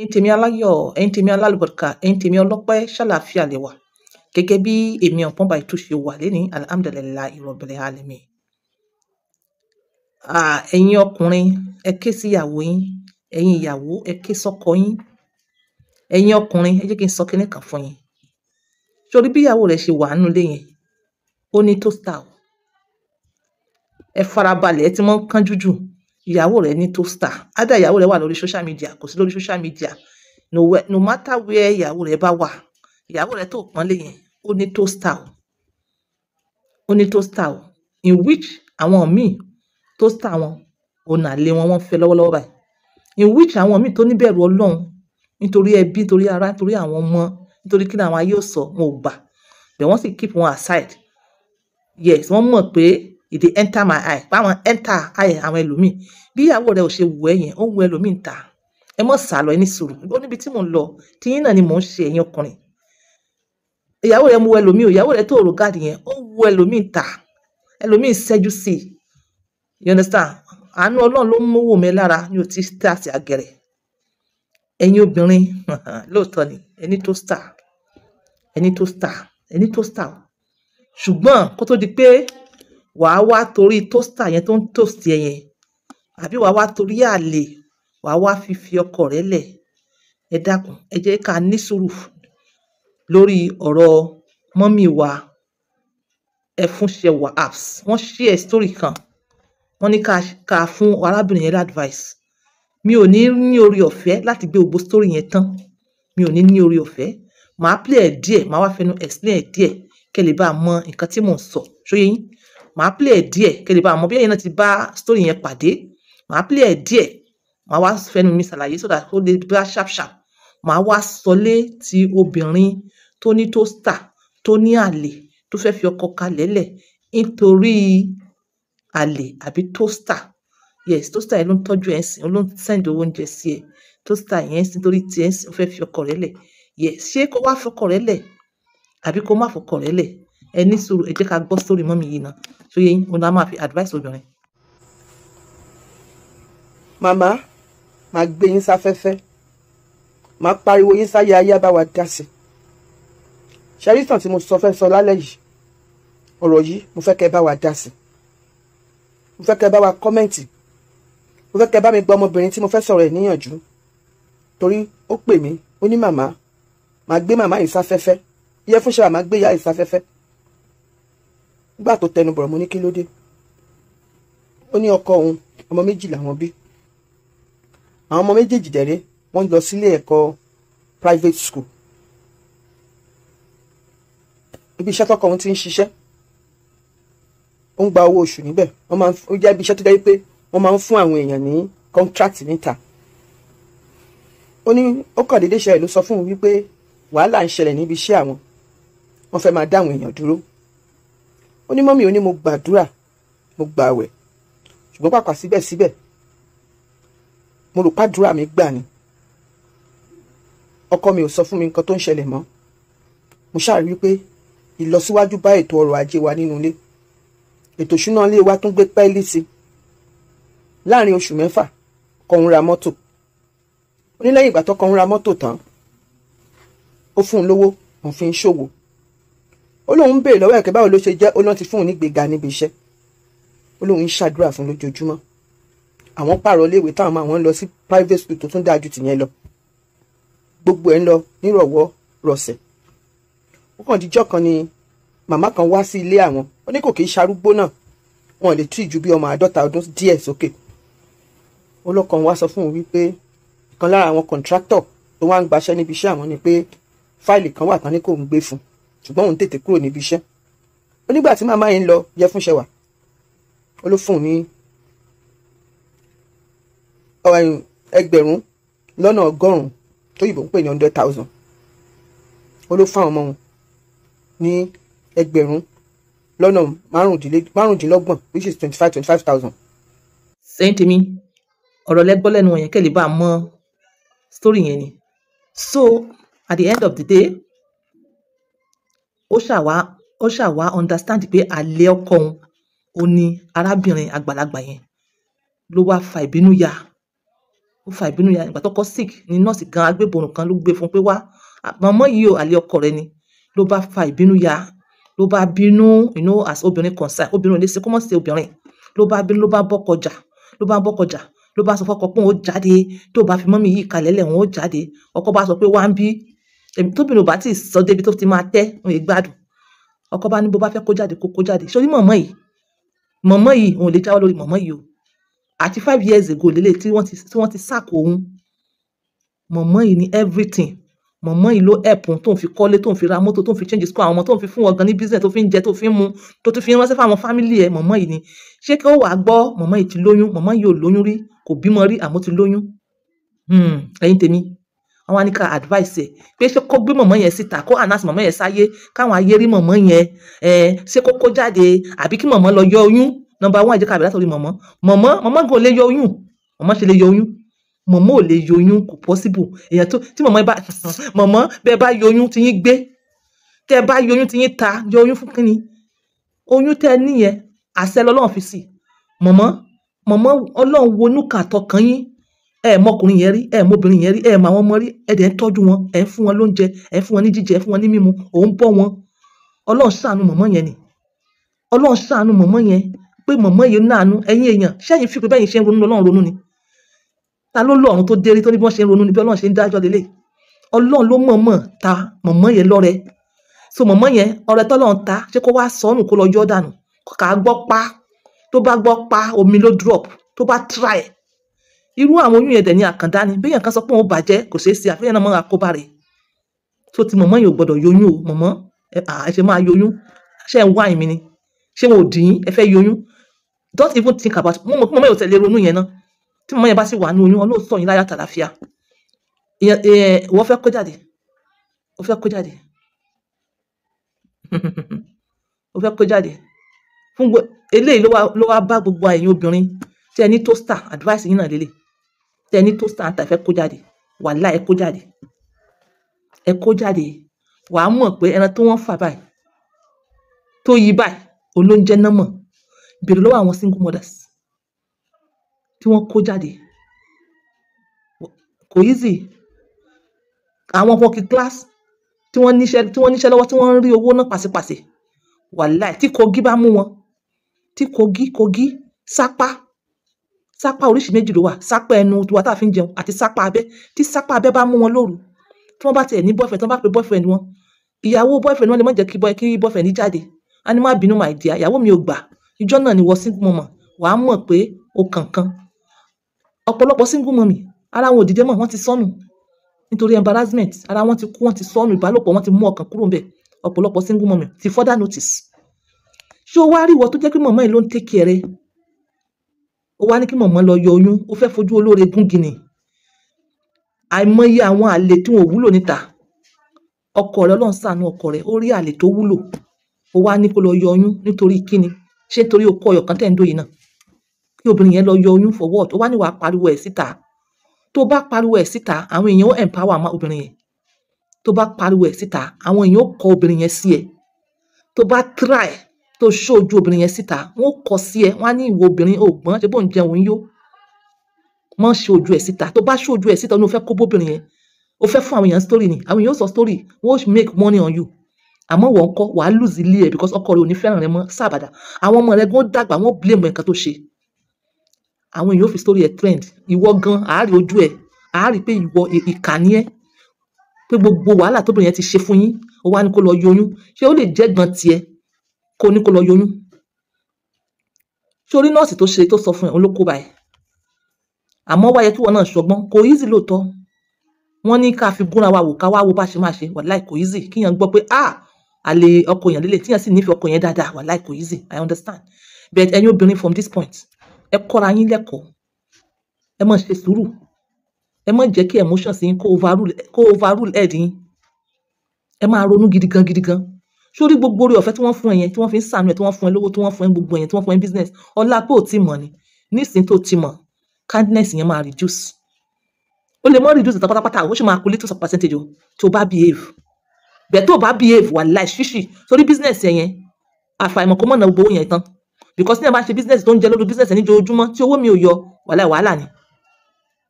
ẹ̀yin tèmi aláyọ̀ ẹ̀yin tèmi alálùbọ̀dìkà ẹ̀yin tèmi ọlọ́pẹ́ ṣàlàáfíà lè wà gẹ́gẹ́ bí èmi ọ̀pọ̀n bá ètò ṣe wà lẹ́ni alhamdulilayi rabbil alamin. ẹ̀yin ọkùnrin ẹ ké sí ìyàwó yín ẹ̀yin ìyàwó ẹ ké sọ́kọ yín ẹ̀yin ọkùnrin ẹ jẹ́ kí n sọ kinní kan fún yín sórí bí ìyàwó rẹ̀ ṣe wà nínú ilé yẹn ó ní tó style ẹ farabalẹ̀ ẹ ti mọ́ ń kánjú ìyàwó rẹ ní toaster Ada ìyàwó rẹ wà lórí social media kò sí lórí social media no, where, no matter where ìyàwó rẹ bá wà ìyàwó rẹ tó pọ́nlé yẹn ó ní toaster o ó ní toaster o in which àwọn míì toaster wọn òun àlè wọn wọ́n fẹ́ lọ́wọ́lọ́wọ́ báyìí in which àwọn míì tó níbẹ̀rù Ọlọ́run nítorí ẹbí nítorí ará nítorí àwọn ọmọ nítorí kí ni àwọn ayé ò sọ wọn ò gbà bẹ́ẹ̀ wọ́n sì keep wọn aside yes wọ́n mọ̀ pé e dey enter my eye báwọn enter eye àwọn ẹlòmíì bí ìyàwó rẹ ò ṣe wù ẹ́ yẹn ó wù ẹlòmíì ta ẹ mọ̀ sá lọ ẹ ní sùúrù ó níbi tí mò ń lọ tiyín náà ni mò ń ṣe ẹ̀yin ọkùnrin ìyàwó rẹ mu ẹlòmíì o ìyàwó rẹ tó òrò gáàdì yẹn ó wù ẹlòmíì ta ẹlòmíì ṣẹ́jú sí you understand àánú ọlọ́run ló mú wò mí lára ní o ti tà sí àgẹ̀rẹ̀ ẹ̀yin obìnrin lóòótọ́ ni ẹni tó star ẹni to star ẹni to star ṣùgbọ́n kó tó di pé wàá wá torí tóstà yẹn tó ń tòsí ẹ yẹn àbí wàá wá torí àlè wàá wá fífi ọkọ rẹ lẹ̀ ẹ dákun ẹ jẹ́ ká ní sùúrù lórí ọ̀rọ̀ mọ́mì wa Ẹfúnṣẹwà apps wọ́n share story kan wọ́n ní ká ká fún arábìnrin yẹn advice mi ò ní ní orí ọ̀fẹ́ láti gbé gbogbo story yẹn tán mi ò ní ní orí ọ̀fẹ́ màá play ẹ̀ díẹ̀ màá wá fẹnu explain ẹ̀ díẹ̀ kẹ́ lè bá a mọ nǹkan tí mò ń sọ ṣóyé màá play ẹ̀ díẹ̀ kẹ́lẹ́ bá mọ̀ bí ẹ̀yin náà ti bá story yẹn pàdé màá play ẹ̀ díẹ̀ màá wá fẹnu mi ṣàlàyé sódà ó lè bá sharp sharp màá wá sọlé ti obìnrin tó ní tóstà tó ní àlè tó fẹ́ fi ọkọ kalẹ̀ lẹ̀ nítorí àlè àbí tóstà yes tóstà yẹn ló ń tọ́jú ẹ̀ sìn ló ń send owó oúnjẹ sí ẹ tóstà yẹn nítorí tiẹ̀ sìn ó fẹ́ fi ọkọ rẹ̀ lẹ̀ yes ṣé kó wá fọkọ rẹ̀ lẹ̀ àbí kó má fọkọ rẹ̀ lẹ̀ ẹ ní sùúrù ẹ jẹ́ ká gbọ́ story mọ́mì yìí náà tó yẹ yín òun la máa fi advice obìnrin. màmá màá gbé yín sáfẹ́fẹ́ màá pariwo yín sáyé ayé abáwa dá sí ṣẹ́rìsàn tí mo sọ fẹ́ sọ lálẹ́ yìí ọ̀rọ̀ yìí mo fẹ́ kẹ́ bá wa dá sí mo fẹ́ kẹ́ bá wa kọ́mẹ̀ntì mo fẹ́ kẹ́ bá mi gba ọmọbìnrin tí mo fẹ́ sọ̀rọ̀ ẹ̀ níyànjú torí ó pè mí ó ní màmá màá gbé màmá yìí sáfẹ́fẹ́ iye fúnṣẹ́ màmá gbé ìyá yìí sáfẹ́fẹ́ nígbà tó tẹnu bọ̀rọ̀ mo ní kí ló dé ó ní ọkọ òun ọmọ méjì làwọn bí àwọn ọmọ méjèèjì dẹ̀rẹ́ wọ́n lọ sílé ẹ̀kọ́ private school ibi iṣẹ́ tọkọ òun ti ń ṣiṣẹ́ ó ń gba owó oṣù níbẹ̀ wọ́n máa ń jẹ́ ibi iṣẹ́ tó jẹ́ pé wọ́n máa ń fún àwọn èèyàn ní contract níta ó ní ó kàn déédéé ṣẹlẹ̀ ló sọ fún un wípé wàhálà ń ṣẹlẹ̀ níbi iṣẹ́ àwọn wọ́n fẹ́ máa dá àwọn èèyàn dúró ó ní mọ́mì ó ní mo gbàdúrà mo gbààwẹ̀ ṣùgbọ́n pàpà síbẹ̀síbẹ̀ mo rò pàdúrà mi gbà ni ọkọ mi ò sọ fún mi nǹkan tó ń ṣẹlẹ̀ mọ́ mo ṣàrí wípé ìlọsíwájú bá ètò ọrọ̀ ajé wa nínú ilé ètò ìṣúná ilé wa tún gbé pẹ́ẹ́lí sí láàrin oṣù mẹ́fà kọ́hún ra mọ́tò ó ìgbà tó kọ́hún ra mọ́tò tán ó fún un lówó òun fi ń ṣòwò ó lóun béèrè lọ́wọ́ ẹ̀kẹ́ báwo ló ṣe jẹ́ ó náà ti fún òun nígbèga níbi iṣẹ́ ó lóun ń ṣàdúrà fún lójoojúmọ́ àwọn pààrọ̀ iléèwé táwọn máa wọ́n lọ sí private school tó tún dáa ju tìyẹn lọ gbogbo ẹ̀ ń lọ nírọ̀wọ́ rọ̀sẹ̀ ó kàn díjọ́ kan ni màmá kan wá sí ilé àwọn ó ní kò kì í ṣarúgbó náà wọn lè tún ìjú bí ọmọ àádọ́ta ọdún díẹ̀ sókè ọlọ́kan wá sọ fún òun wípé kan lára àwọn kọ̀ǹtráktọ̀ tó wá ń gbaṣẹ́ níbi iṣẹ́ àwọn ni pé fáìlì kan wà tán ni kò ń gbé fún un ṣùgbọ́n òun tètè kúrò níbi iṣẹ́ ó nígbà tí màmá yìí ń lọ yẹ fún ṣẹwà ó ló fún un ní ẹgbẹ̀rún lọ́nà ọgọ́rùn-ún tó yìnbọn ń pè ní hundred thousand ó ló fáwọn ọmọ wọn ní ẹgbẹ̀rún lọ́nà márùndínlọ́gbọ̀n which is twenty five twenty five thousand. sẹ́yìn tèmi ọ̀rọ̀ lẹ́gbọ́ lẹ́nu ọ̀yẹ́kẹ́ lè bá a mọ story yẹn ni so at the end of the day ó ṣàwá ó ṣàwá understand pé àlè ọkọ òun ó ní arábìnrin àgbàlagbà yẹn ló wá fa ìbínú ya ó fa ìbínú ya ìgbà tọkọ sick ni nọ́ọ̀sì kan agbébọrùn kan ló gbé fún pé wá màmá yìí o àlè ọkọ rẹ ni ló bá fa ìbínú ya ló bá bínú you know as obìnrin concern obìnrin ò lè ṣe kó mọ̀ sí obìnrin ló bá bínú ló bá bọ́kọ jà ló bá bọ́kọ jà ló bá sọ fọkọ pé òun ó jáde tó bá fi mọ́mí yìí kalẹ̀ lẹ̀ òun ó jáde ọkọ bá sọ pé wá ń bí tóbìnrin ò bá tí ì sọ débi tó ti máa tẹ́ òun yìí gbádùn ọkọ bá ní bó bá fẹ́ kó jáde kó kó jáde ṣé orí mọ̀mọ́ yìí mọ̀mọ́ yìí òun lè jáwọ́ lórí mọ̀mọ́ yìí o àti five years ago lélẹ̀ tí wọ́n ti tí wọ́n ti sàkó òun mọ̀mọ́ yìí ní everything mọ̀mọ́ yìí ló ẹ̀pùn tóun fi kọ́lé tóun fi ra mọ́tò tóun fi change school àwọn ọmọ tóun fi fún wọn ní business tó fi ń jẹ tó fi ń mu tó tún fi ránṣẹ́ fáwọn family ẹ̀ mọ̀mọ́ yìí ni ṣé kí ó wàá gbọ́ mọ̀mọ́ yìí ti lóyún mọ̀mọ́ yìí ò lóyún rí kò bímọ rí àmọ́ ti lóyún hmm, ẹ̀yin tèmi àwọn àníkà advice ẹ pé ṣé kó gbé mọ̀mọ́ yẹn síta kó announce mọ̀mọ́ yẹn sáyé káwọn ayé rí mọ̀mọ́ yẹn ẹ ṣé kó kó jáde àbí kí mọ̀mọ́ lọ yọ oyún number one ẹ jẹ́ ká bẹ̀rẹ̀ látọ̀rí mọ̀mọ́ mọ̀mọ́ mọ̀mọ́ gan lè yọ oyún mọ̀mọ́ ṣe lè yọ oyún mọ̀mọ́ ò lè yọ oyún kò possible èèyàn tó tí mọ̀mọ́ bá mọ̀mọ́ bẹ́ẹ̀ bá yọ oyún ti yín gbé tẹ́ bá yọ oyún ti yín ta yọ oyún fún kínni oyún tẹ́ níyẹn àṣẹ lọ́lọ́run fi sí mọ̀mọ́ mọ̀mọ́ ọlọ́run wonú kan yín ẹ mọkùnrin yẹn rí ẹ mọbìnrin yẹn rí ẹ mọ àwọn ọmọ rí ẹ dẹ̀ ń tọ́jú wọn ẹ ń fún wọn lóúnjẹ ẹ ń fún wọn ní jíjẹ ẹ ń fún wọn ní mímu òun bọ́ wọn ọlọ́run ṣàánú mọ̀mọ́ yẹn ni ọlọ́run ṣàánú mọ̀mọ́ yẹn pé mọ̀mọ́ yẹn náànú ẹ̀yin èèyàn ṣẹ́yìn fi pé bẹ́yìn ṣe ń ronú ọlọ́run ronú ni ta ló lọ́run tó dérí tó ní bí wọ́n ṣe ń ronú ni bí ọlọ́run ṣe ń dájọ́ lélẹ̀ ọlọ́run ló mọ̀mọ́ ta mọ̀mọ́ yẹn lọ́rẹ so mọ̀mọ́ yẹn ọrẹ tọ́lọ́run ta ṣé kó wá sọnù kó lọ yọ́ dànù kà á gbọ́ pa tó bá gbọ́ pa omi ló drop tó bá try irú àwọn oyún yẹn dẹ̀ ní àkàndá ni bẹ́ẹ̀ yẹn kan sọ pé òun bàjẹ́ kò ṣeé ṣe àfihàn náà mọ́ àkóbá rẹ̀ tó ti mọ̀mọ́ yìí ò gbọ́dọ̀ yọyún o mọ̀mọ́ ẹ ṣe máa yọyún ṣe ń wá ìmí ni ṣé wọn ò dín ẹ fẹ́ yọyún don't even think about mo mọ̀ pé mọ̀mọ́ yẹn ò tẹ̀lé ronú yẹn náà tí mọ̀mọ́ yẹn bá sì wà ní oyún ọlọ́ọ̀tọ̀ yín láyà tàlàfíà wọ́n fẹ́ kó jáde ó fẹ́ kó jáde ó fẹ́ kó jáde fún eléyìí ló wá bá gbogbo àyẹ̀yìn obìnrin tí ẹ ní toaster advice yín náà lélẹ̀ tẹni tó stand ta fẹ́ kó jáde wàláì ẹ kó jáde ẹ kó jáde wàá mọ̀ pé ẹran tí wọ́n fà báyìí tó yí báyìí olóúnjẹ náà mọ̀ bèrè lọ́wọ́ àwọn single mothers tí wọ́n kó jáde kò easy àwọn working class tí wọ́n níṣẹ́ tí wọ́n níṣẹ́ lọ́wọ́ tí wọ́n ń rí owó náà pàṣípàṣẹ wàláì tí kogi bá mú wọn tí kogi kogi sápá sápá oríṣi méjì ló wà sápá ẹnu wa tá a fi ń jẹun àti sápá abẹ́ tí sápá abẹ́ bá mú wọn lóru tí wọ́n bá tiẹ̀ ní boyfriend tí wọ́n bá pe boyfriend wọn ìyàwó boyfriend wọn lè má jẹ́ kí boyfriend ní jáde a ní má bínú my dear ìyàwó mi ò gbà ìjọ náà ni wọ́n single mama wàá mọ̀ pé o kànkan ọ̀pọ̀lọpọ̀ single mummy ara wọn ò dìde mọ́ ti sọnù nítorí embarrassment ara wọn ti kú wọ́n ti sọnù ìbálòpọ̀ wọ́n ti mú ọkàn kúrò ńbẹ̀ ọ̀pọ̀lọpọ̀ single mummy ti further notice ṣé o wá rí ìwọ tó jẹ́ pé mọ̀mọ́ ẹ̀ ló ń take care ó wá ní kí mọ̀mọ́ lọ yọ oyún ó fẹ́ fojú olóore gúngi ni àìmọye àwọn àlè tí wọn ò wúlò níta ọkọ rẹ ọlọ́run ṣàánú ọkọ rẹ ó rí àlè tó wúlò ó wá ní kó lọ yọ oyún nítorí kíni ṣé nítorí okó ọyọ kan tẹ̀ ń náà kí obìnrin yẹn lọ yọ oyún for what wá ní wàá pariwo ẹ̀ síta tó bá pariwo ẹ̀ síta àwọn èèyàn ó empower má obìnrin yẹn tó bá pariwo ẹ̀ síta àwọn èèyàn ó kọ obìnrin yẹn sí ẹ tó bá try tó ṣó ojú obìnrin yẹn síta wọn ó kọ sí ẹ wọn á ní ìwọ obìnrin ò gbọ́n ṣe bó ń jẹun yó mọ ṣe ojú ẹ síta tó bá ṣe ojú ẹ síta ní o fẹ́ kó bóbìnrin yẹn o fẹ́ fún àwọn èèyàn story ni àwọn èèyàn sọ story wọn ó make money on you àmọ́ wọn kọ wàá lose ilé ẹ because ọkọ rẹ ò ní fẹ́ràn rẹ mọ́ sábàdà àwọn ọmọ rẹ gan dàgbà wọn blame nǹkan tó ṣe àwọn èèyàn ò fi story ẹ trend ìwọ gan àárí ojú ẹ àárí pé ìwọ ìkànnì ẹ pé gbogbo wàhálà tóbìnrin yẹn ti ṣe fún yín ó wá ní kó lọ yọyún ṣé ó lè jẹ́ gan tiẹ̀ kó ní kó lọ yọyún sórí nọ́ọ̀sì tó ṣe tó sọ fún ẹ òun ló kó bá ẹ àmọ́ wá yẹ kí wọn náà ṣọgbọ́n kò easy lóòótọ́ wọ́n ní ká fi gúnra wa wò ká wá wo bá ṣe máa ṣe wàláì kò easy kíyàn gbọ́ pé ah àlè ọkọ yẹn lélẹ̀ tíyàn sì nífẹ̀ẹ́ ọkọ yẹn dáadáa wàláì kò easy i understand but ẹ̀yin obìnrin from this point ẹ kọ́ra yín lẹ́kọ̀ọ́ ẹ má ṣe sùúrù ẹ má jẹ́ kí emotions yín kó overrule kó overrule head yín ẹ máa ronú gidi gan gidi gan sórí gbogbo orí ọ̀fẹ́ tí wọ́n fún ẹ yẹn tí wọ́n fi ń sànú ẹ tí wọ́n fún ẹ lówó tí wọ́n fún ẹ gbogbo yẹn tí wọ́n fún ẹ business ọlá pé ò tí mọ̀ ni nísìnyí tó ti mọ̀ kindness yẹn máa reduce ó lè mọ́ reduce ìta pátápátá ó sì máa kulé tó sọ percentage o tó bá behave bẹ́ẹ̀ tó bá behave wà láì ṣíṣì sórí business ẹ yẹn àfàìmọ̀ kó mọ̀nà gbowó yẹn tán because ní ẹ bá ṣe business tó ń jẹ lórí business ẹ níjoojúmọ́ tí owó mi ò yọ wàhálà wàhálà ni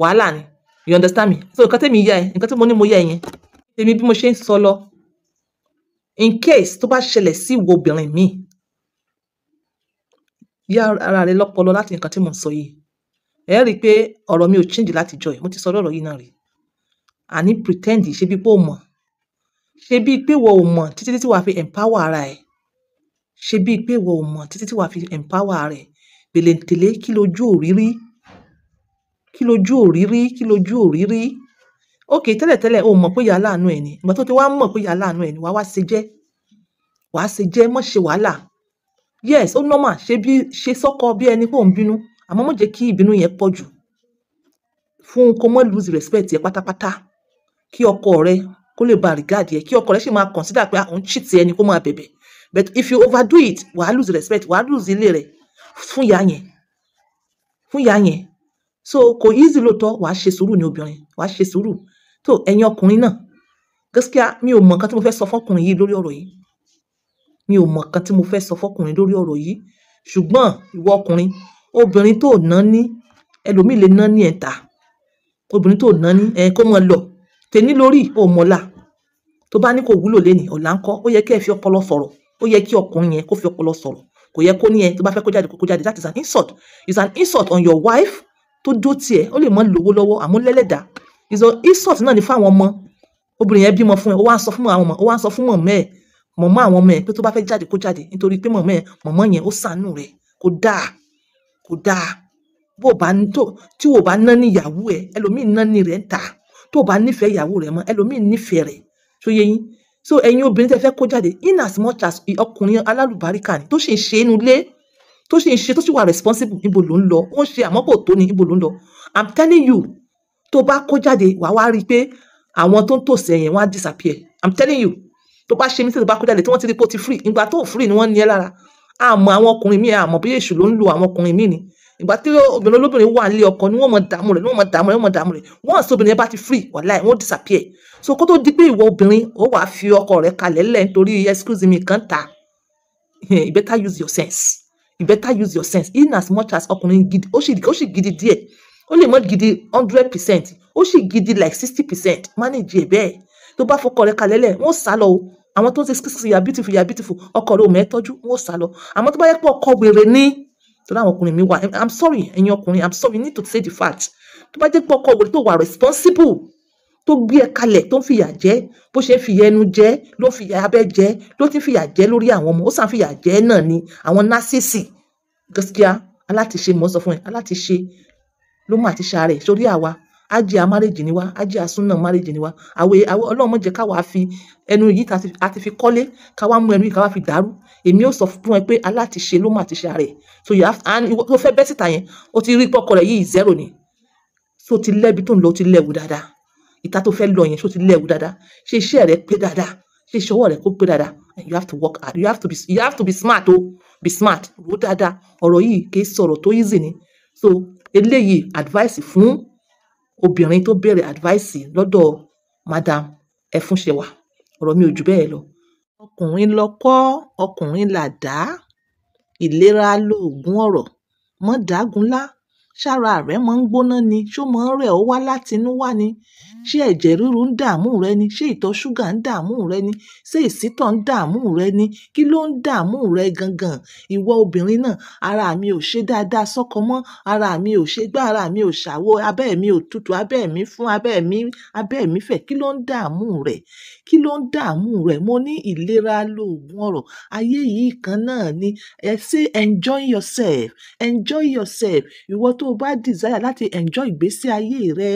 wàhálà ni you understand me so nǹkan tẹ́mi yá ẹ nǹkan tí mo ní mo yá ẹ yẹn èmi bí mo ṣe ń sọ lọ in case tó bá ṣẹlẹ̀ sí ìwọ obìnrin mi yá ara rẹ lọ́pọlọ láti nǹkan tí mo ń sọ yìí ẹ rí i pé ọ̀rọ̀ mi ò chíǹdì láti jọ yìí mo ti sọ ọ̀rọ̀ yìí náà rí àní pretend ṣe bíi pé o mọ̀ ṣe bíi pé wọ́n ò mọ̀ títí tí wàá fi empower ara ẹ̀ ṣe bíi pé wọ́n ò mọ̀ títí tí wàá fi empower ara ẹ̀ bèlèǹtẹ̀lé kí lójú òrírí kí lójú òrírí kí lójú òrírí ok tẹ́lẹ̀tẹ́lẹ̀ o mọ̀ pé ìyá aláàánú ẹ̀ ni ìgbà tó ti wá mọ̀ pé ìyá aláàánú ẹ̀ ni wàá wá ṣe jẹ́ wàá ṣe jẹ́ mọ́ ṣe wàhálà yes ó nọ́mà ṣe bí ṣe sọ́kọ bí ẹni pé òun bínú àmọ́ mọ̀ jẹ́ kí ìbínú yẹn pọ̀ jù fún kó mọ́ lose respect yẹ pátápátá kí ọkọ rẹ kó lè ba regard yẹ kí ọkọ rẹ sì máa consider pé ah, òun cheat ẹni kó máa bẹ̀bẹ̀ but if you overdo it wàá lose respect wàá lose ilé rẹ fún ìyá yẹn fún ìyá yẹn so kò easy lóòótọ́ wàá ṣe sùúrù ní obìnrin wàá ṣe sùúrù tó ẹ̀yin ọkùnrin náà gaskiya mi ò mọ̀ nǹkan tí mo fẹ́ sọ fọ́kùnrin yìí lórí ọ̀rọ̀ yìí mi ò mọ̀ nǹkan tí mo fẹ́ sọ fọ́kùnrin lórí ọ̀rọ̀ yìí ṣùgbọ́n ìwọ ọkùnrin obìnrin tó ná ní ẹlòmíì lè ná ní ẹ̀ta obìnrin tó ná ní ẹ̀ kó mọ lọ tèmi lórí òmọ̀là tó bá ní kò wúlò lẹ́nìí ọ̀la ń kọ́ ó yẹ kí ẹ fi ọpọlọ sọ̀rọ̀ ó yẹ kí ọkùnrin yẹn kó fi ọpọlọ sọ̀rọ̀ kò yẹ kó ní ẹ tó bá fẹ́ kó jáde kó jáde that is an insult is an insult on your wife tó dó tiẹ̀ ó lè mọ lówó lọ́wọ́ àmúlẹ́lẹ́dàá Insult náà ni fún àwọn ọmọ obìnrin yẹn bímọ fún ẹ ó wá sọ fún àwọn ọmọ ó wá sọ fún mọ̀mọ́ ẹ mọ̀mọ́ àwọn ọmọ ẹ pé tó bá fẹ́ jáde kó jáde nítorí pé mọ̀mọ́ ẹ mọ̀mọ́ yẹn ó sànú rẹ kò dáa kò dáa bó o bá tó tí o bá ná ní ìyàwó ẹ ẹlòmíì ná ní rẹ ń ta tó o bá nífẹ̀ẹ́ ìyàwó rẹ mọ́ ẹlòmíì nífẹ̀ẹ́ rẹ tó yẹ yín so ẹ̀yin obìnrin tẹ́ fẹ́ kó jáde in as much as ọkùnrin alálùbáríkà ni tó sì ń ṣe inú ilé tó sì ń ṣe tó sì wà responsible ibo ló ń lọ ó ń ṣe àmọ́ kò tó ni ibo ló ń lọ I'm telling you tó bá kó jáde wà wá rí i pé àwọn tó ń tòsí ẹ̀yìn wọn á disappear i'm telling you tó bá ṣe mí tó bá kó jáde tí wọ́n ti rí pé ó ti free ìgbà tó free ni wọ́n ní ẹ lára àmọ́ àwọn ọkùnrin míì àmọ́ bí èṣù ló ń lo àwọn ọkùnrin míì ni ìgbà tí obìnrin olóbìnrin wà nílé ọkọ ni wọ́n mọ dààmú rẹ̀ ni wọ́n mọ dààmú rẹ̀ wọ́n mọ dààmú rẹ̀ once obìnrin bá ti free wàláì wọ́n disappear so kó tó di pé ìwọ obìnrin ó wàá fi ọkọ rẹ̀ kalẹ̀ lẹ̀ nítorí excuse me kan ta you better use your sense you better use your sense in as much as ọkùnrin gidi ó sì gidi díẹ̀ ó lè mọ́ gidi hundred percent ó sì gidi like sixty percent manage ẹ̀ bẹ́ẹ̀ tó bá fọkọ rẹ kalẹ̀ lẹ̀ wọ́n sá lọ o àwọn tó ń ṣe skisi ya beautiful ya beautiful ọkọ rẹ ò mẹ́tọ́jú wọ́n sá lọ àmọ́ tó bá yẹ pé ọkọ wèrè ní tó láwọn ọkùnrin mi wà i'm sorry ẹ̀yin ọkùnrin i'm sorry need to say the fact tó bá jẹ́ pé ọkọ wèrè tó wà responsible tó gbé ẹ kalẹ̀ tó ń fìyà jẹ bó ṣe ń fìyà ẹnu jẹ ló ń fìyà abẹ́ jẹ ló ti ń fìyà jẹ lórí àwọn ọmọ ó sàn fìyà jẹ náà ni àwọn násìsì gaskiya aláti ṣe mọ́ sọ fún ẹ aláti ṣe ló mà ti ṣàárẹ̀ sórí àwa á amárèjì ni wá á asúnà márèjì ni wá àwẹ̀ àwẹ̀ ọlọ́run má káwa fi ẹnu yìí ta ti fi kọ́lé káwa mú ẹnu yìí káwa fi dàrú èmi ò sọ fún ẹ pé aláàtìṣe ló mà ti ṣàárẹ̀ so you have and fẹ́ bẹ́ síta yẹn ó ti rí pọ́kọ rẹ̀ yìí zero ni so ti lẹ́bi tó ń lọ ó ti lẹ́wu dáadáa ìta tó fẹ́ lọ yẹn so ti lẹ́wu dáadáa ṣe iṣẹ́ rẹ pé dáadáa ṣe ìṣọwọ́ rẹ kó pé dáadáa you have to work hard you have to be you have to be smart o oh. be smart ro dáadáa ọ̀rọ̀ yìí kì í sọ̀rọ̀ tó easy ni so eléyìí advice fún obìnrin tó béèrè advice lọ́dọ̀ madam ẹfúnṣẹwà ọ̀rọ̀ mi ò jù bẹ́ẹ̀ lọ. ọkùnrin lọkọ ọkùnrin làdá ìlera loògùn ọrọ̀ mọ́ dàágúnlá ṣára rẹ máa ń gbóná ni ṣó máa ń rẹ̀ ọ́ wá láti inú wá ni ṣé ẹ̀jẹ̀ ríru ń dààmú rẹ ni ṣé ìtọ̀ ṣúgà ń dààmú rẹ ni ṣé ìsítọ̀ ń dààmú rẹ ni kí ló ń dààmú rẹ gangan ìwọ obìnrin náà ara mi ò ṣe dáadáa sọ́kọ mọ́ ara mi ò ṣe gbá ara mi ò ṣàwo abẹ́ mi ò tutù abẹ́ mi fún abẹ́ mi abẹ́ mi fẹ̀ kí ló ń dààmú rẹ kí ló ń dààmú rẹ mo ní ìlera lóògùn ọrọ̀ ayé yìí kan náà ni ẹ ṣe enjoy yourself enjoy yourself ìwọ tó tó o bá desire láti enjoy ìgbésí ayé rẹ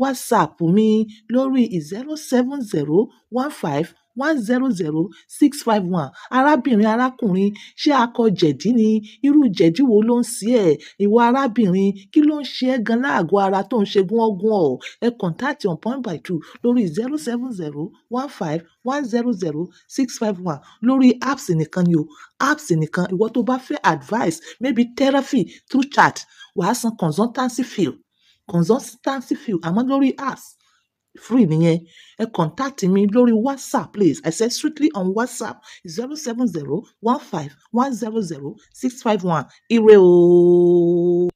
whatsapp mi lórí zero seven zero one five one zero zero six five one arábìnrin arákùnrin ṣé akọ jẹ̀dí ni irú jẹ̀dí wo ló ń ṣe ẹ́ ìwọ arábìnrin kí ló ń ṣe ẹ́ gan láàgọ́ ara tó ń ṣe gúnọ́gún ọ̀ ẹ kọ̀ǹtàtì on point by two lórí zero seven zero one five one zero zero six five one lórí apps nìkan ni o apps nìkan ìwọ tó bá fẹ́ advice maybe therapy through chat wàá san consultancy fee consultancy fee àmọ́ lórí apps free nìyẹn ẹ contact mi lórí whatsapp please i said strictly on whatsapp zero seven zero one five one zero zero six five one ire ooo.